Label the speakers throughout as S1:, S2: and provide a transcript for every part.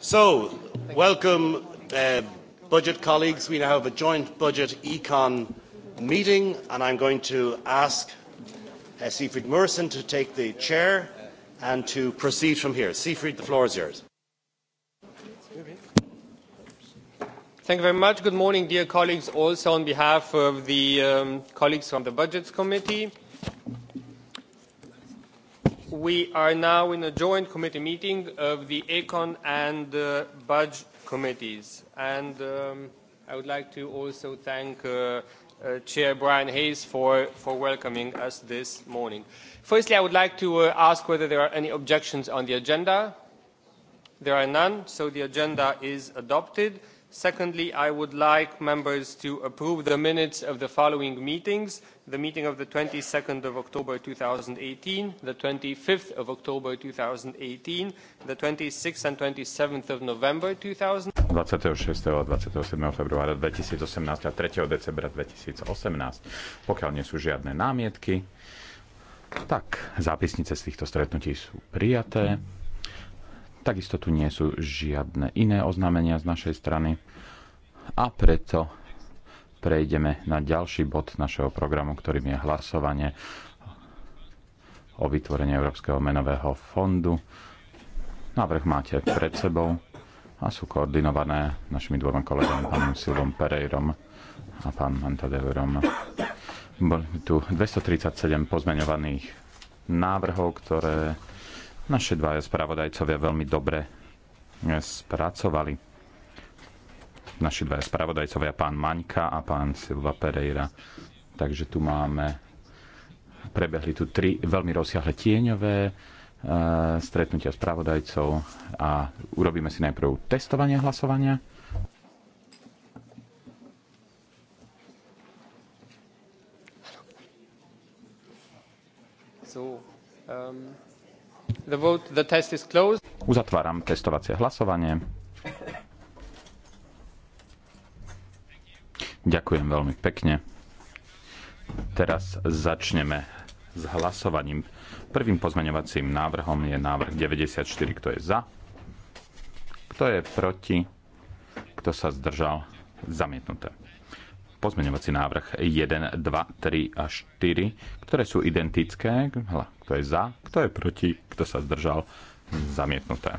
S1: So, welcome, uh, budget colleagues. We now have a joint budget econ meeting, and I'm going to ask uh, Siegfried Murson to take the chair and to proceed from here. Siegfried, the floor is yours. Thank you very much. Good morning, dear colleagues, also on behalf of the um, colleagues from the Budgets Committee we are now in a joint committee meeting of the Econ and uh, Budge committees. And um, I would like to also thank uh, uh, Chair Brian Hayes for, for welcoming us this morning. Firstly, I would like to uh, ask whether there are any objections on the agenda. There are none, so the agenda is adopted. Secondly, I would like members to approve the minutes of the following meetings. The meeting of twenty two october two thousand and eighteen the 25th of October 2018, the twenty six and 27th of November 2000.
S2: 26. a 27. februára 2018 a 3. decembra 2018. Pokiaľ nie sú žiadne námietky, tak zápisnice z týchto stretnutí sú prijaté. Takisto tu nie sú žiadne iné oznámenia z našej strany a preto prejdeme na ďalší bod našeho programu, ktorým je hlasovanie o vytvorení Európskeho menového fondu. Návrh máte pred sebou a sú koordinované našimi dvoma kolegami, pánom Silvom Pereirom a pán Antadeurom. Boli tu 237 pozmeňovaných návrhov, ktoré naše dvaja spravodajcovia veľmi dobre eh, spracovali. Naši dvaja spravodajcovia, pán Maňka a pán Silva Pereira. Takže tu máme, prebehli tu tri veľmi rozsiahle tieňové eh, stretnutia spravodajcov a urobíme si najprv testovanie hlasovania. So, um... The vote, the test is closed. Uzatváram testovacie hlasovanie. Ďakujem veľmi pekne. Teraz začneme s hlasovaním. Prvým pozmeňovacím návrhom je návrh 94. Kto je za? Kto je proti? Kto sa zdržal? Zamietnuté pozmeňovací návrh 1, 2, 3 a 4, ktoré sú identické. Kto je za, kto je proti, kto sa zdržal, zamietnuté.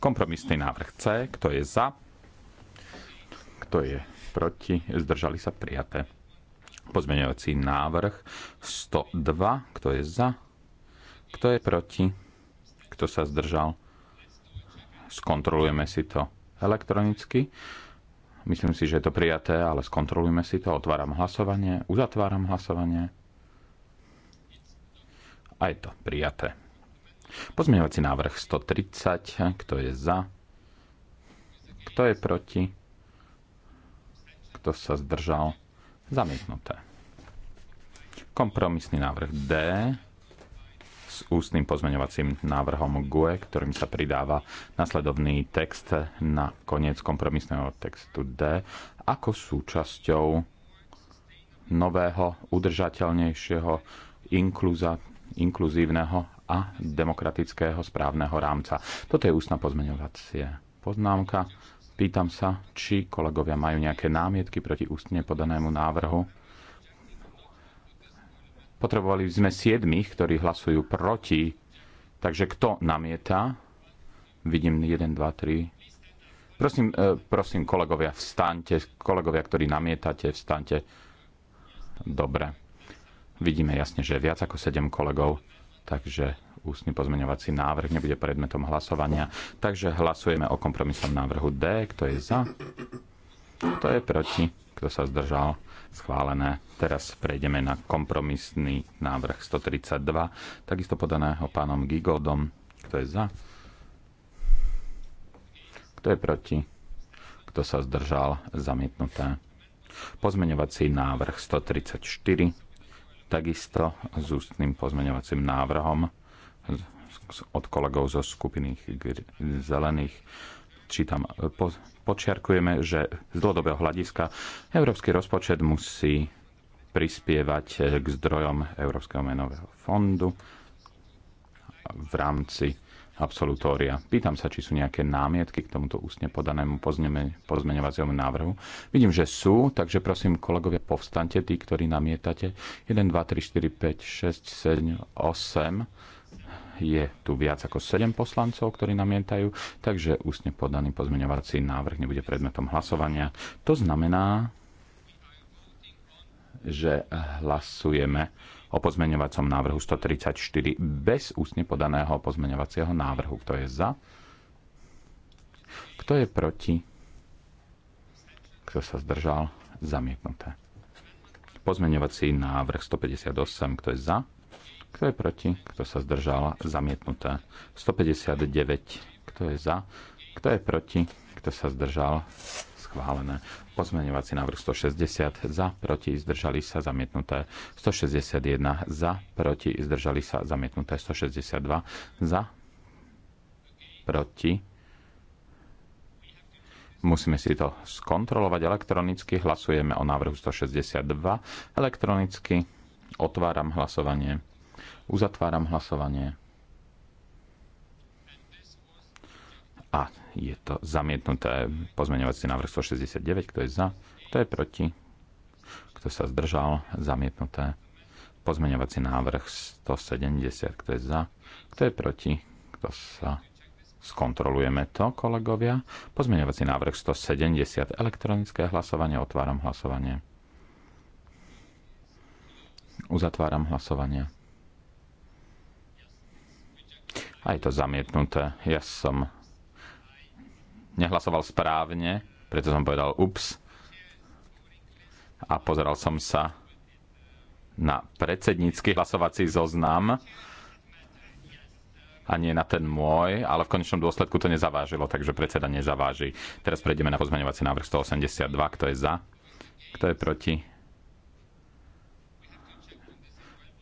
S2: Kompromisný návrh C, kto je za, kto je proti, zdržali sa prijaté. Pozmeňovací návrh 102, kto je za, kto je proti, kto sa zdržal. Skontrolujeme si to elektronicky. Myslím si, že je to prijaté, ale skontrolujme si to. Otváram hlasovanie, uzatváram hlasovanie. A je to prijaté. Pozmeňovací návrh 130. Kto je za? Kto je proti? Kto sa zdržal? Zamietnuté. Kompromisný návrh D s ústnym pozmeňovacím návrhom GUE, ktorým sa pridáva nasledovný text na koniec kompromisného textu D ako súčasťou nového, udržateľnejšieho, inkluza, inkluzívneho a demokratického správneho rámca. Toto je ústna pozmeňovacie poznámka. Pýtam sa, či kolegovia majú nejaké námietky proti ústne podanému návrhu. Potrebovali sme siedmých, ktorí hlasujú proti. Takže kto namieta? Vidím 1, 2, 3, Prosím, e, prosím, kolegovia, vstaňte. Kolegovia, ktorí namietate, vstaňte. Dobre. Vidíme jasne, že viac ako 7 kolegov, takže ústny pozmeňovací návrh nebude predmetom hlasovania. Takže hlasujeme o kompromisnom návrhu D. Kto je za? Kto je proti? Kto sa zdržal? Schválené. Teraz prejdeme na kompromisný návrh 132, takisto podaného pánom Gigodom. Kto je za? Kto je proti? Kto sa zdržal? Zamietnuté. Pozmeňovací návrh 134, takisto s ústnym pozmeňovacím návrhom od kolegov zo skupiny zelených čítam, e, po, počiarkujeme, že z dlhodobého hľadiska európsky rozpočet musí prispievať e, k zdrojom Európskeho menového fondu v rámci absolutória. Pýtam sa, či sú nejaké námietky k tomuto ústne podanému pozmeňovaciemu návrhu. Vidím, že sú, takže prosím, kolegovia, povstante, tí, ktorí namietate. 1, 2, 3, 4, 5, 6, 7, 8 je tu viac ako 7 poslancov, ktorí namietajú, takže ústne podaný pozmeňovací návrh nebude predmetom hlasovania. To znamená, že hlasujeme o pozmeňovacom návrhu 134 bez ústne podaného pozmeňovacieho návrhu. Kto je za? Kto je proti? Kto sa zdržal? Zamietnuté. Pozmeňovací návrh 158. Kto je za? Kto je proti? Kto sa zdržal? Zamietnuté. 159. Kto je za? Kto je proti? Kto sa zdržal? Schválené. Pozmeňovací návrh 160 za, proti, zdržali sa, zamietnuté. 161 za, proti, zdržali sa, zamietnuté. 162 za, proti. Musíme si to skontrolovať elektronicky. Hlasujeme o návrhu 162 elektronicky. Otváram hlasovanie. Uzatváram hlasovanie. A je to zamietnuté pozmeňovací návrh 169. Kto je za? Kto je proti? Kto sa zdržal? Zamietnuté. Pozmeňovací návrh 170. Kto je za? Kto je proti? Kto sa... Skontrolujeme to, kolegovia. Pozmeňovací návrh 170. Elektronické hlasovanie. Otváram hlasovanie. Uzatváram hlasovanie. A je to zamietnuté. Ja som nehlasoval správne, preto som povedal ups. A pozeral som sa na predsednícky hlasovací zoznam a nie na ten môj, ale v konečnom dôsledku to nezavážilo, takže predseda nezaváži. Teraz prejdeme na pozmeňovací návrh 182, kto je za, kto je proti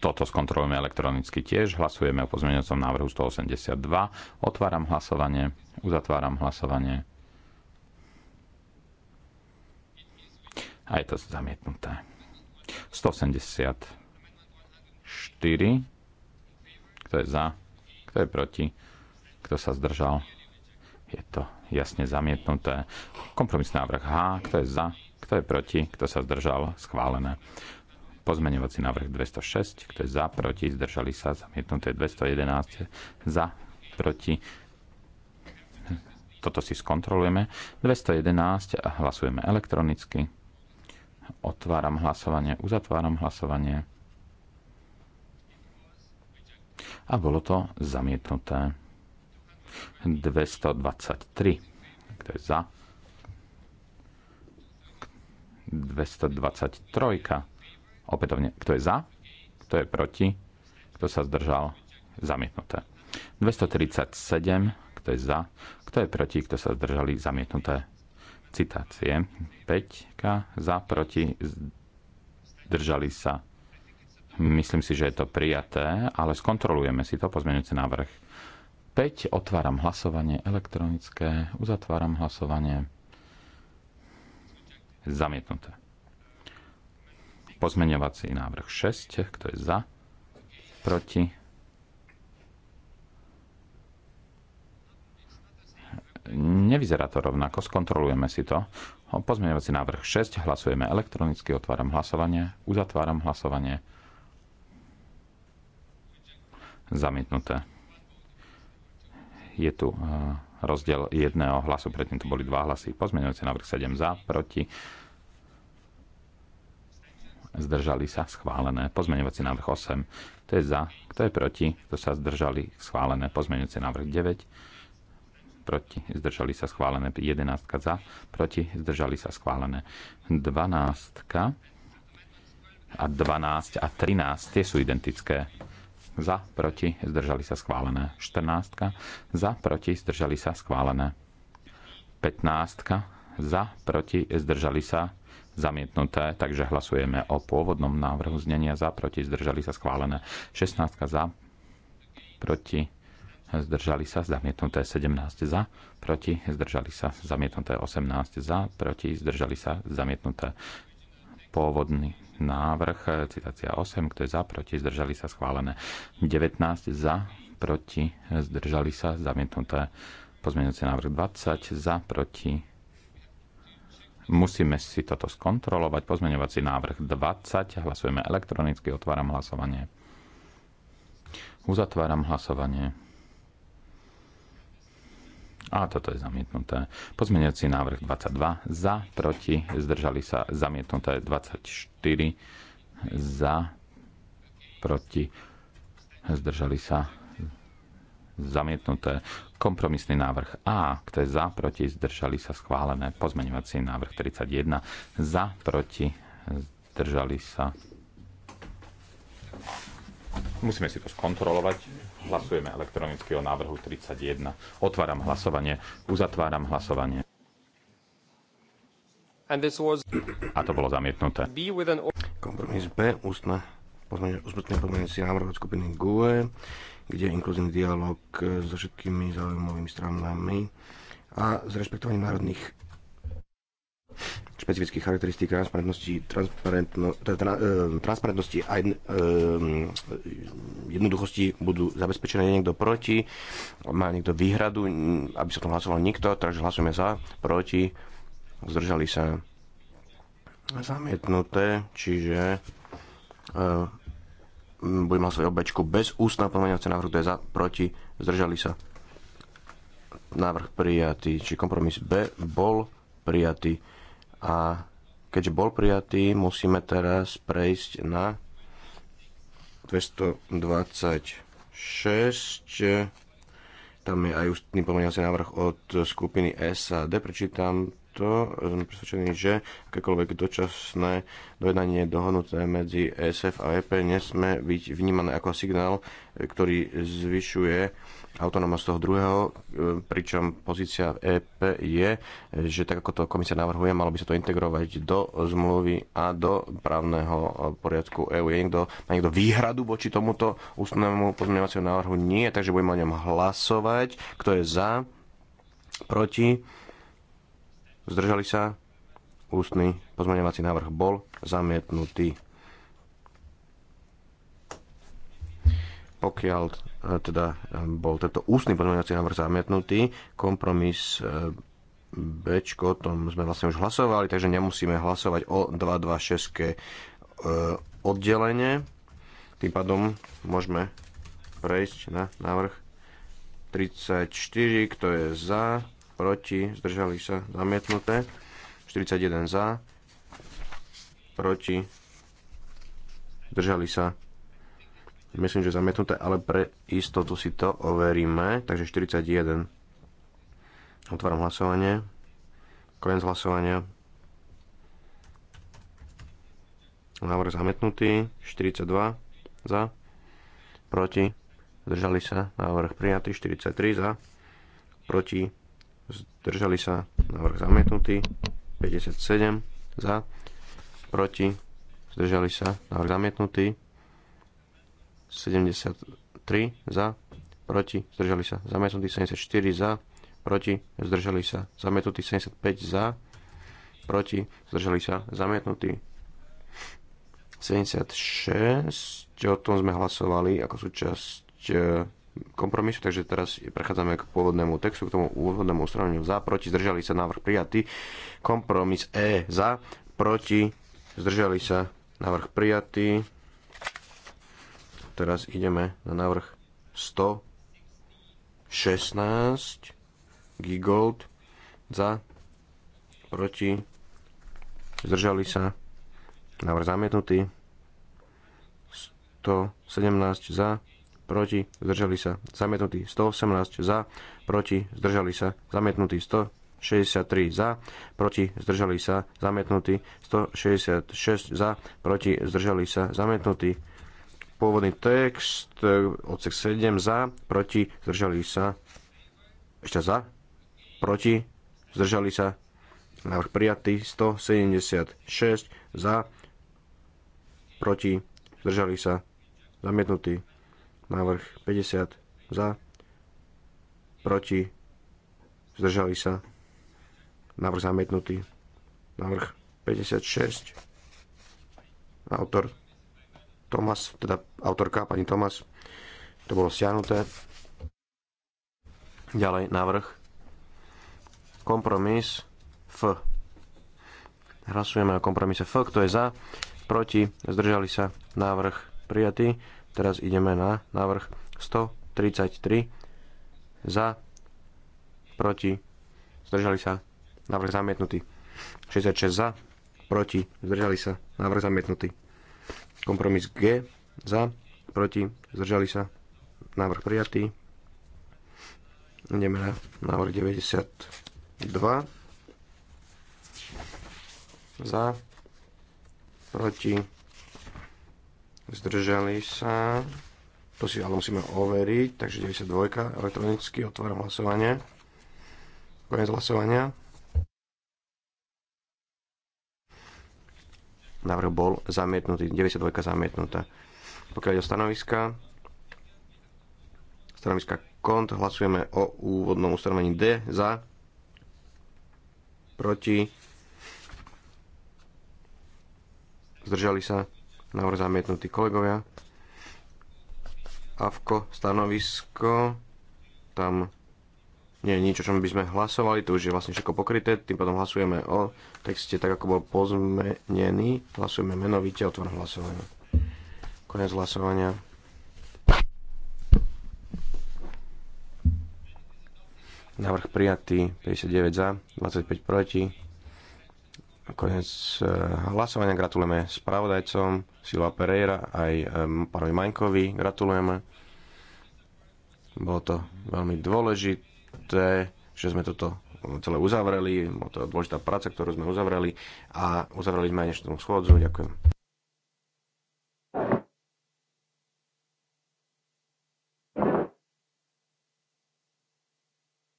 S2: Toto skontrolujeme elektronicky tiež. Hlasujeme o pozmeňujúcom návrhu 182. Otváram hlasovanie. Uzatváram hlasovanie. A je to zamietnuté. 184. Kto je za? Kto je proti? Kto sa zdržal? Je to jasne zamietnuté. Kompromisný návrh H. Kto je za? Kto je proti? Kto sa zdržal? Schválené. Pozmeňovací návrh 206, kto je za, proti, zdržali sa, zamietnuté 211, za, proti. Toto si skontrolujeme. 211 a hlasujeme elektronicky. Otváram hlasovanie, uzatváram hlasovanie. A bolo to zamietnuté. 223. Kto je za? 223. Opätovne, kto je za, kto je proti, kto sa zdržal, zamietnuté. 237, kto je za, kto je proti, kto sa zdržali, zamietnuté. Citácie. 5 za, proti, zdržali sa. Myslím si, že je to prijaté, ale skontrolujeme si to pozmeňujúci návrh. 5. Otváram hlasovanie elektronické, uzatváram hlasovanie. Zamietnuté. Pozmeňovací návrh 6. Kto je za? Proti? Nevyzerá to rovnako. Skontrolujeme si to. Pozmeňovací návrh 6. Hlasujeme elektronicky. Otváram hlasovanie. Uzatváram hlasovanie. Zamietnuté. Je tu eh, rozdiel jedného hlasu. Predtým tu boli dva hlasy. Pozmeňovací návrh 7 za, proti zdržali sa, schválené. Pozmeňovací návrh 8, kto je za, kto je proti, kto sa zdržali, schválené. Pozmeňovací návrh 9, proti, zdržali sa, schválené. 11 za, proti, zdržali sa, schválené. 12 a 12 a 13, tie sú identické za, proti, zdržali sa schválené. 14. Za, proti, zdržali sa schválené. 15 za, proti, zdržali sa, zamietnuté. Takže hlasujeme o pôvodnom návrhu znenia za, proti, zdržali sa, schválené. 16 za, proti, zdržali sa, zamietnuté 17 za, proti, zdržali sa, zamietnuté 18 za, proti, zdržali sa, zamietnuté pôvodný návrh, citácia 8, kto je za, proti, zdržali sa, schválené 19 za, proti, zdržali sa, zamietnuté pozmeňujúci návrh 20 za, proti, Musíme si toto skontrolovať. Pozmeňovací návrh 20. Hlasujeme elektronicky. Otváram hlasovanie. Uzatváram hlasovanie. A toto je zamietnuté. Pozmeňovací návrh 22. Za, proti, zdržali sa zamietnuté 24. Za, proti, zdržali sa zamietnuté. Kompromisný návrh A, kto je za, proti, zdržali sa schválené. Pozmeňovací návrh 31, za, proti, zdržali sa. Musíme si to skontrolovať. Hlasujeme elektronicky o návrhu 31. Otváram hlasovanie, uzatváram hlasovanie. A to bolo zamietnuté. Kompromis B, ústne úspešný si návrh
S1: od skupiny GUE, kde je inkluzívny dialog so všetkými zaujímavými stranami a s rešpektovaním národných špecifických charakteristík transparentnosti, transparentno, teda eh, transparentnosti a eh, jednoduchosti budú zabezpečené. Niekto proti, má niekto výhradu, aby sa to hlasoval nikto, takže hlasujeme za, proti, zdržali sa zamietnuté, čiže eh, budem hlasovať o Bčku bez ústna pozmeňovacieho návrhu, to je za, proti, zdržali sa. Návrh prijatý, či kompromis B bol prijatý. A keďže bol prijatý, musíme teraz prejsť na 226. Tam je aj ústny pozmeňovací návrh od skupiny SAD. Prečítam preto sme presvedčení, že akékoľvek dočasné dojednanie dohodnuté medzi ESF a EP nesme byť vnímané ako signál, ktorý zvyšuje autonómnosť toho druhého, e, pričom pozícia EP je, že tak ako to komisia navrhuje, malo by sa to integrovať do zmluvy a do právneho poriadku EÚ. Je niekto, má niekto výhradu voči tomuto ústnemu pozmeňovaciemu návrhu? Nie, takže budeme o ňom hlasovať. Kto je za? Proti? zdržali sa, ústny pozmeňovací návrh bol zamietnutý. Pokiaľ e, teda e, bol tento ústny pozmeňovací návrh zamietnutý, kompromis e, B, o tom sme vlastne už hlasovali, takže nemusíme hlasovať o 226 oddelenie. Tým pádom môžeme prejsť na návrh 34, kto je za, proti, zdržali sa, zamietnuté. 41 za, proti, zdržali sa. Myslím, že zamietnuté, ale pre istotu si to overíme. Takže 41. Otváram hlasovanie. Koniec hlasovania. Návrh zamietnutý. 42 za, proti, zdržali sa. Návrh prijatý. 43 za, proti, zdržali sa, návrh zamietnutý, 57 za, proti, zdržali sa, návrh zamietnutý, 73 za, proti, zdržali sa, zamietnutý 74 za, proti, zdržali sa, zamietnutý 75 za, proti, zdržali sa, zamietnutý 76, o tom sme hlasovali ako súčasť e, kompromisu, takže teraz prechádzame k pôvodnému textu, k tomu úvodnému ustanoveniu za, proti, zdržali sa, návrh prijatý. Kompromis E za, proti, zdržali sa, návrh prijatý. Teraz ideme na návrh 116 Gigold za, proti, zdržali sa, návrh zamietnutý, 117 za, proti, zdržali sa, zamietnutý 118 za, proti, zdržali sa, zamietnutý 163 za, proti, zdržali sa, zamietnutý 166 za, proti, zdržali sa, zamietnutý pôvodný text, e, odsek 7 za, proti, zdržali sa, ešte za, proti, zdržali sa, návrh prijatý, 176 za, proti, zdržali sa, zamietnutý Návrh 50 za, proti, zdržali sa. Návrh zamietnutý. Návrh 56. Autor Tomas, teda autorka pani Tomas. To bolo stiahnuté. Ďalej návrh. Kompromis F. Hlasujeme o kompromise F. Kto je za? Proti? Zdržali sa? Návrh prijatý. Teraz ideme na návrh 133 za, proti, zdržali sa, návrh zamietnutý. 66 za, proti, zdržali sa, návrh zamietnutý. Kompromis G, za, proti, zdržali sa, návrh prijatý. Ideme na návrh 92. Za, proti, zdržali sa, to si ale musíme overiť, takže 92 elektronicky, otváram hlasovanie, koniec hlasovania. Návrh bol zamietnutý, 92 zamietnutá. Pokiaľ ide o stanoviska, stanoviska kont, hlasujeme o úvodnom ustanovení D za, proti, zdržali sa, Návrh zamietnutý kolegovia. Avko stanovisko. Tam nie je nič, o čom by sme hlasovali. Tu už je vlastne všetko pokryté. Tým potom hlasujeme o texte tak, ako bol pozmenený. Hlasujeme menovite. Otvorím hlasovanie. Konec hlasovania. Návrh prijatý, 59 za, 25 proti. Koniec eh, hlasovania. Gratulujeme spravodajcom Silva Pereira aj eh, pánovi Maňkovi. Gratulujeme. Bolo to veľmi dôležité, že sme toto celé uzavreli. Bolo to dôležitá práca, ktorú sme uzavreli a uzavreli sme aj dnešnú schôdzu. Ďakujem.